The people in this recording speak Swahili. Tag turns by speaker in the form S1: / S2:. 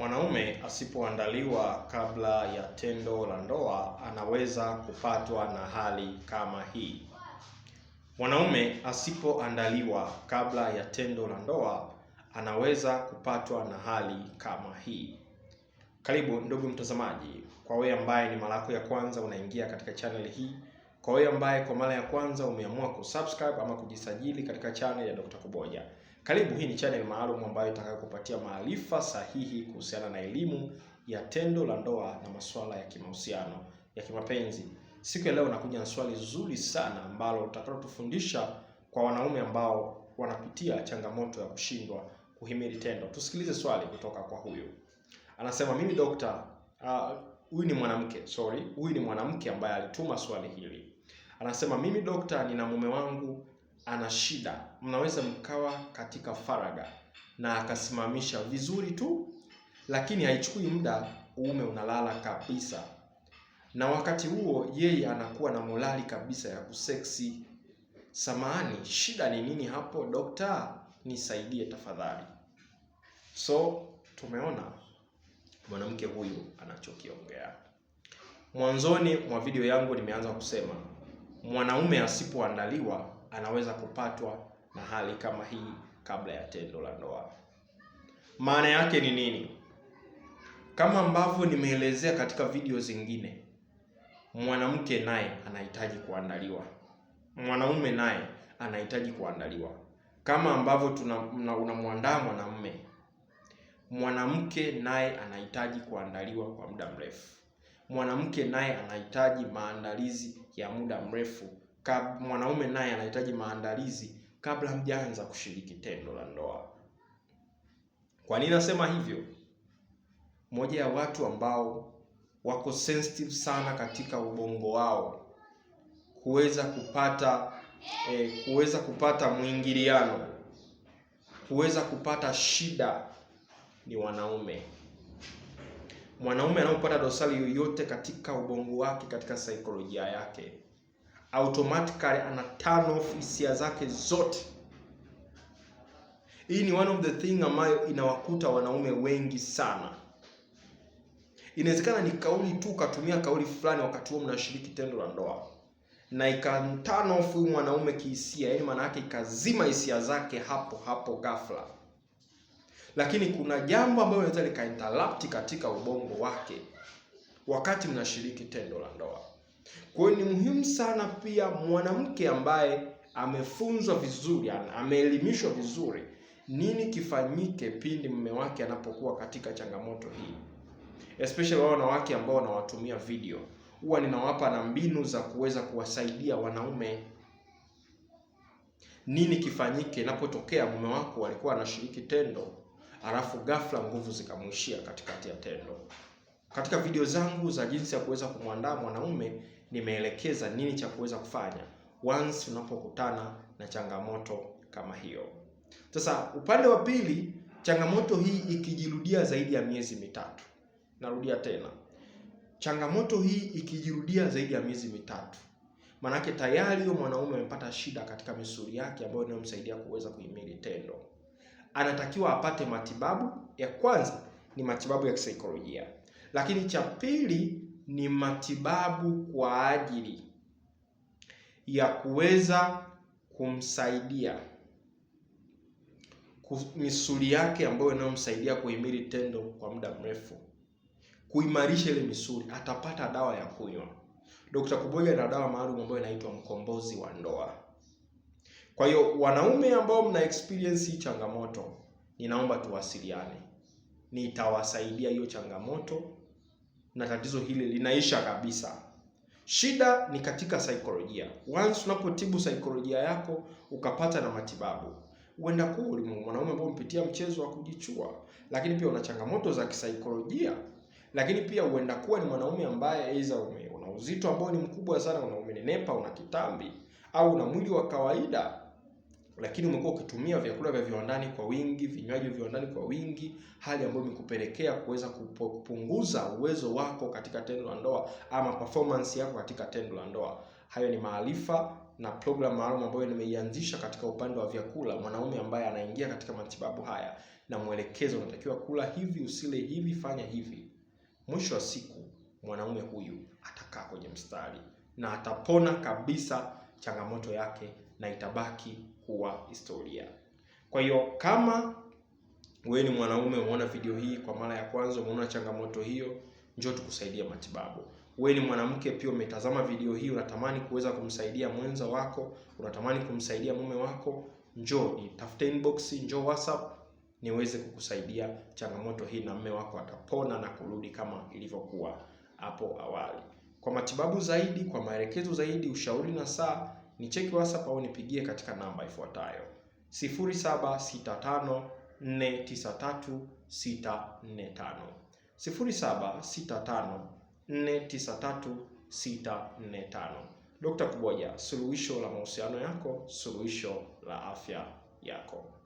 S1: Mwanaume asipoandaliwa kabla ya tendo la ndoa anaweza kupatwa na hali kama hii. Mwanaume asipoandaliwa kabla ya tendo la ndoa anaweza kupatwa na hali kama hii. Karibu ndugu mtazamaji, kwa wewe ambaye ni mara yako ya kwanza unaingia katika channel hii, kwa wewe ambaye kwa mara ya kwanza umeamua kusubscribe ama kujisajili katika channel ya Dr. Kuboja karibu, hii ni channel maalum ambayo itakayokupatia maarifa sahihi kuhusiana na elimu ya tendo la ndoa na masuala ya kimahusiano ya kimapenzi. Siku ya leo nakuja na swali zuri sana ambalo utakalotufundisha kwa wanaume ambao wanapitia changamoto ya kushindwa kuhimili tendo. Tusikilize swali kutoka kwa huyu, anasema mimi dokta, ah, huyu uh, ni mwanamke sorry, huyu ni mwanamke ambaye alituma swali hili. Anasema mimi dokta, nina mume wangu ana shida, mnaweza mkawa katika faraga na akasimamisha vizuri tu, lakini haichukui muda uume unalala kabisa, na wakati huo yeye anakuwa na morali kabisa ya kuseksi. Samahani, shida ni nini hapo dokta? Nisaidie tafadhali. So tumeona mwanamke huyu anachokiongea. Mwanzoni mwa video yangu nimeanza kusema mwanaume asipoandaliwa anaweza kupatwa na hali kama hii kabla ya tendo la ndoa. Maana yake ni nini? Kama ambavyo nimeelezea katika video zingine, mwanamke naye anahitaji kuandaliwa, mwanaume naye anahitaji kuandaliwa. Kama ambavyo unamwandaa mwanamume, mwanamke naye anahitaji kuandaliwa kwa muda mrefu. Mwanamke naye anahitaji maandalizi ya muda mrefu mwanaume naye anahitaji maandalizi kabla hamjaanza kushiriki tendo la ndoa. Kwa nini nasema hivyo? Moja ya watu ambao wako sensitive sana katika ubongo wao kuweza kupata eh, kuweza kupata mwingiliano, kuweza kupata shida ni wanaume. Mwanaume anapopata dosari yoyote katika ubongo wake, katika saikolojia yake automatically ana turn off hisia zake zote. Hii ni one of the thing ambayo inawakuta wanaume wengi sana. Inawezekana ni kauli tu, ukatumia kauli fulani wakati huo mnashiriki tendo la ndoa na ikamturn off huyu mwanaume kihisia, yaani maana yake ikazima hisia zake hapo hapo ghafla. Lakini kuna jambo ambalo linaweza likainterrupt katika ubongo wake wakati mnashiriki tendo la ndoa. Kwa hiyo ni muhimu sana pia mwanamke ambaye amefunzwa vizuri, ameelimishwa vizuri, nini kifanyike pindi mume wake anapokuwa katika changamoto hii, especially wao wanawake ambao wanawatumia video, huwa ninawapa na mbinu za kuweza kuwasaidia wanaume nini kifanyike inapotokea mume wako alikuwa anashiriki tendo alafu ghafla nguvu zikamwishia katikati ya tendo. Katika video zangu za jinsi ya kuweza kumwandaa mwanaume nimeelekeza nini cha kuweza kufanya once unapokutana na changamoto kama hiyo. Sasa upande wa pili, changamoto hii ikijirudia zaidi ya miezi mitatu, narudia tena, changamoto hii ikijirudia zaidi ya miezi mitatu, maanake tayari huyo mwanaume amepata shida katika misuli yake ambayo inayomsaidia kuweza kuhimili tendo, anatakiwa apate matibabu. Ya kwanza ni matibabu ya kisaikolojia. Lakini cha pili ni matibabu kwa ajili ya kuweza kumsaidia misuli yake ambayo inayomsaidia kuhimili tendo kwa muda mrefu, kuimarisha ile misuli, atapata dawa ya kunywa. Dokta Kuboja ana dawa maalum ambayo inaitwa mkombozi wa ndoa. Kwa hiyo wanaume ambao mna experience hii changamoto, ninaomba tuwasiliane nitawasaidia hiyo changamoto na tatizo hili linaisha kabisa. Shida ni katika saikolojia. Once unapotibu saikolojia yako ukapata na matibabu, uenda kuwa mwanaume ambao umepitia mchezo wa kujichua, lakini pia una changamoto za kisaikolojia, lakini pia uenda kuwa ni mwanaume ambaye aidha una uzito ambao ni mkubwa sana, umenenepa una kitambi au una mwili wa kawaida lakini umekuwa ukitumia vyakula vya viwandani kwa wingi, vinywaji vya viwandani kwa wingi, hali ambayo imekupelekea kuweza kupunguza uwezo wako katika tendo la ndoa ama performance yako katika tendo la ndoa. Hayo ni maarifa na programu maalum ambayo nimeianzisha katika upande wa vyakula. Mwanaume ambaye anaingia katika matibabu haya na mwelekezo, unatakiwa kula hivi, usile hivi, fanya hivi. Mwisho wa siku mwanaume huyu atakaa kwenye mstari na atapona kabisa changamoto yake na itabaki kuwa historia. Kwa hiyo kama wewe ni mwanaume umeona video hii kwa mara ya kwanza, umeona changamoto hiyo, njoo tukusaidia matibabu. Wewe ni mwanamke pia umetazama video hii, unatamani kuweza kumsaidia mwenza wako, unatamani kumsaidia mume wako, njoo tafute inbox, njoo WhatsApp niweze kukusaidia changamoto hii, na mume wako atapona na kurudi kama ilivyokuwa hapo awali. Kwa matibabu zaidi, kwa maelekezo zaidi, ushauri na saa ni cheki WhatsApp au nipigie katika namba ifuatayo 0765493645, 0765493645. Dr. Kuboja, suluhisho la mahusiano yako, suluhisho la afya yako.